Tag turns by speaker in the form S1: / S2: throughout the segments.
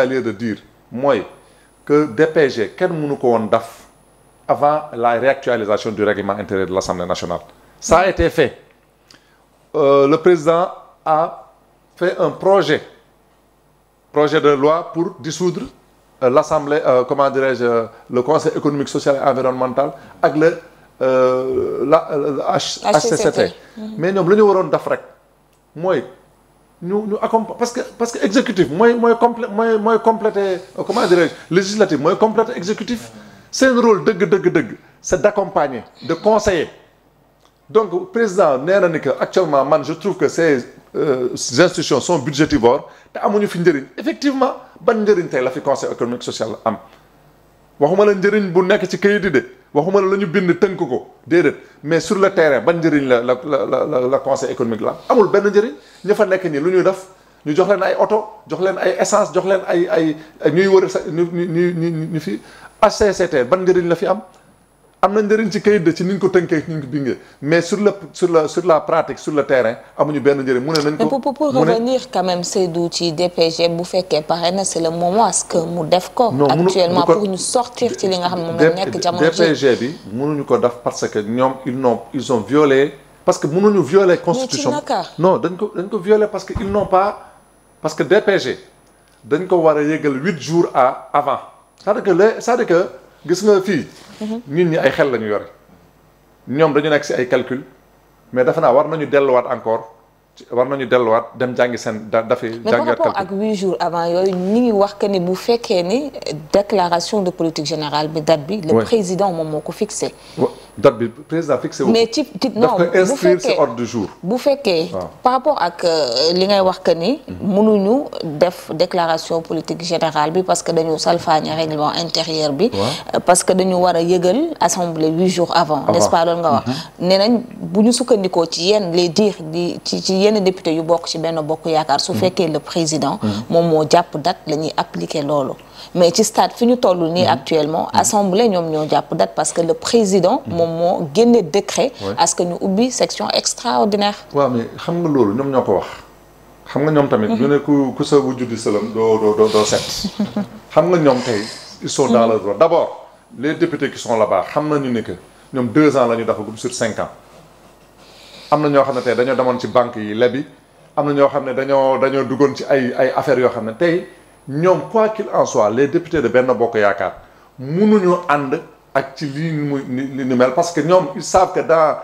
S1: j'allais de dire mooy que DPG kenn mënu ko woon daf avant la réactualisation du règlement intérieur de nationale ça a été fait euh, le président a fait un projet projet de loi pour dissoudre euh, l'Assemblée euh, comment dirais-je euh, le Conseil économique social et environnemental ak le euh, la HCCT mm-hmm. mais ñoom la ñu daf rek mooy ñu ñu accompagner parce que parce que exécutif mooy mooy complé mooy mooy complété euh, comment dirais je législatif mooy complété exécutif seen rôle dëgg dëgg dëgg c' est de conseiller donc président nee ni que actuellement man je trouve que ces euh, institutions sont budgétivores te amuñu fi njëriñ effectivement ban njëriñ tey la fi conseil économique social am waxuma la njëriñ bu nekk ci kayit yi de. waxuma la la ñu bind tënk ko déedéet mais sur le terrain ban njëriñ la la la la la conseil économique la amul benn njëriñ ña fa nekk nii lu ñuy def ñu jox leen ay oto jox leen ay essence jox leen ay ay ñuy wër sa ñu ñu ñu ñu fi HCCT ban njëriñ la fi am. am na njëriñ ci kayit de ci ni ñu ko tënkee ni ñu bingee mais sur le sur la sur la pratique sur le terrain amuñu benn njëriñ mu ne nañ ko pour revenir
S2: quand même Seydou ci DPG bu fekkee pare na c'est le moment est que mu def ko actuellement pour ñu sortir ci li nga xam ne moom la nekk jamono ji
S1: bi mënuñu ko def parce que ñoom ils n'ont ils ont violé parce que mënuñu violer constitution non dañ ko ko violer parce que ils n'ont pas parce que DPG dañ ko war a yëgal huit jours à avant cest à que gis nga fii. nit ñi ay xel la ñu yore ñoom dañu nekk si ay calcul mais dafa naa war nañu delluwaat encore. war nañu delluwaat dem jàngi seen dafi jàngat ak
S2: huit jours avant yooyu ñu wax que ni bu fekkee ni déclaration de politique générale bi date bi le président moom moo ko fixé
S1: date bi président fixé mais
S2: ci ci non daf bu fekkee ah. par rapport ak euh, li ngay wax que ni mm-hmm. mënuñu def déclaration politique générale bi parce que dañu salfaañe règlement intérieur bi euh, parce que dañu war a yëgal assemblée huit jours avant n'est-ce pas loolu nga wax mm-hmm. nee nañ bu ñu sukkandikoo ci yenn yenn député yu bokk ci benn bokk yaakaar su mm-hmm. fekkee le président mm-hmm. moom moo jàpp date la ñuy appliquer loolu mais ci stade fi ñu toll nii mm-hmm. actuellement assemblée ñoom ñoo jàpp date parce que le président moom moo génne décret à ce que ñu ubbi section extraordinaire
S1: waaw mais xam nga loolu ñoom ñoo ko wax xam nga ñoom tamit ñu ne ku ku sa bu juddi sëlam doo doo doo set xam nga ñoom tey ils sont dans le droit d'abord les députés qui sont là-bas xam nañu la ñu defagum sur cinq ans am na ñoo xam ne tey dañoo demoon ci banque yi lebi am na ñoo xam ne dañoo dañoo duggoon ci ay ay affaire yoo xam ne tey ñoom quoi qu'il en soit les députés de Benno Bokk Yaakaar mënuñu ànd ak ci lii muy ni ni mel parce que ñoom ils savent que dans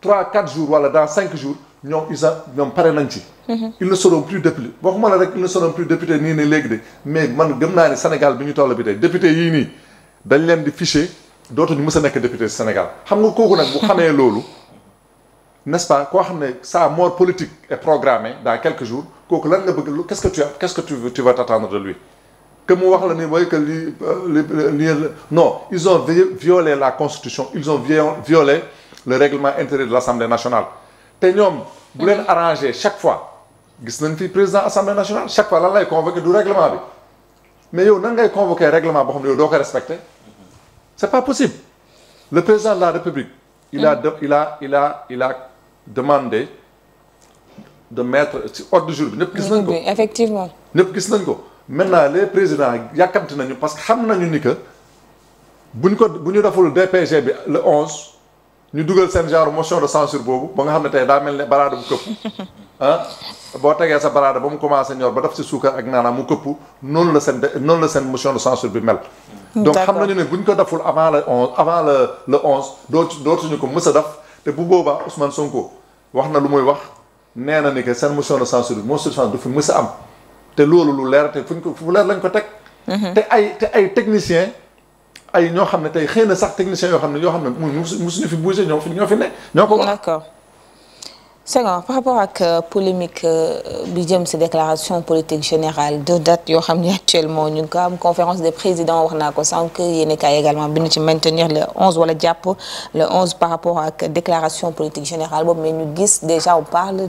S1: trois quatre jours wala dans cinq jours ñoom ils ñoom pare nañ ci. Mhm. ils ne seront plus députés waxuma la rek ils ne seront plus députés nii ne léegi de mais man gëm naa ne Sénégal bi ñu toll bi tey député yii nii dañ leen di fiché dootuñu nekk député Sénégal xam nga kooku nag bu xamee loolu. n'est-ce pas koo xam ne sa mort politique est programmée dans quelques jours kooku lan nga bëgg qu'est-ce que tu as qu'est-ce que tu tu vas t'attendre de lui que mu wax la ni mooy que li euh, non ils ont violé la constitution ils ont violé le règlement intérieur de l'Assemblée nationale te ñoom bu leen mm-hmm. arrangé chaque fois gis nañ fi président Assemblée nationale chaque fois lan lay convoqué du règlement bi mais yow nan ngay convoqué règlement boo xam ne yow doo ko respecté mm-hmm. c'est pas possible le président la République mm-hmm. a il a il a demandé de mettre ci ordre du jour bi ñëpp gis nañ
S2: ko effectivement
S1: ñëpp gis nañ ko maintenant les présidents yàkkamti nañu parce que xam nañu ni que buñ ko bu ñu deful DPG bi le onze ñu dugal seen genre motion de censure boobu ba nga xam ne tey daa mel ne baraada bu këpp ah boo tegee sa baraada ba mu commencé ñor ba def si suukar ak naanaam mu këpp noonu la seen noonu la seen motion de censure bi mel donc xam nañu ne buñ ko deful avant le onze avant le le onze dootu dootuñu ko mës def te bu boobaa Ousmane Sonko wax na lu muy wax nee na ni que seen motion de censure motion de censure du fi mës am te loolu lu leer te fuñ ko fu leer lañ ko teg. Mhm. te ay te ay technicien ay ñoo xam ne tey xëy na sax technicien yoo xam ne yoo xam ne mu musuñu fi bougé ñoo fi ñoo fi ne ñoo ko wax.
S2: Senghor par rapport ak euh, polémique euh, bi jëm ci déclaration politique générale deux dates yoo xam ne actuellement ñu ngi ko am conférence des présidents wax naa ko sànq yéen kaay également bi ñu ci maintenir le 11 wala jàpp le 11 par rapport ak déclaration politique générale boobu mais ñu gis déjà on parle.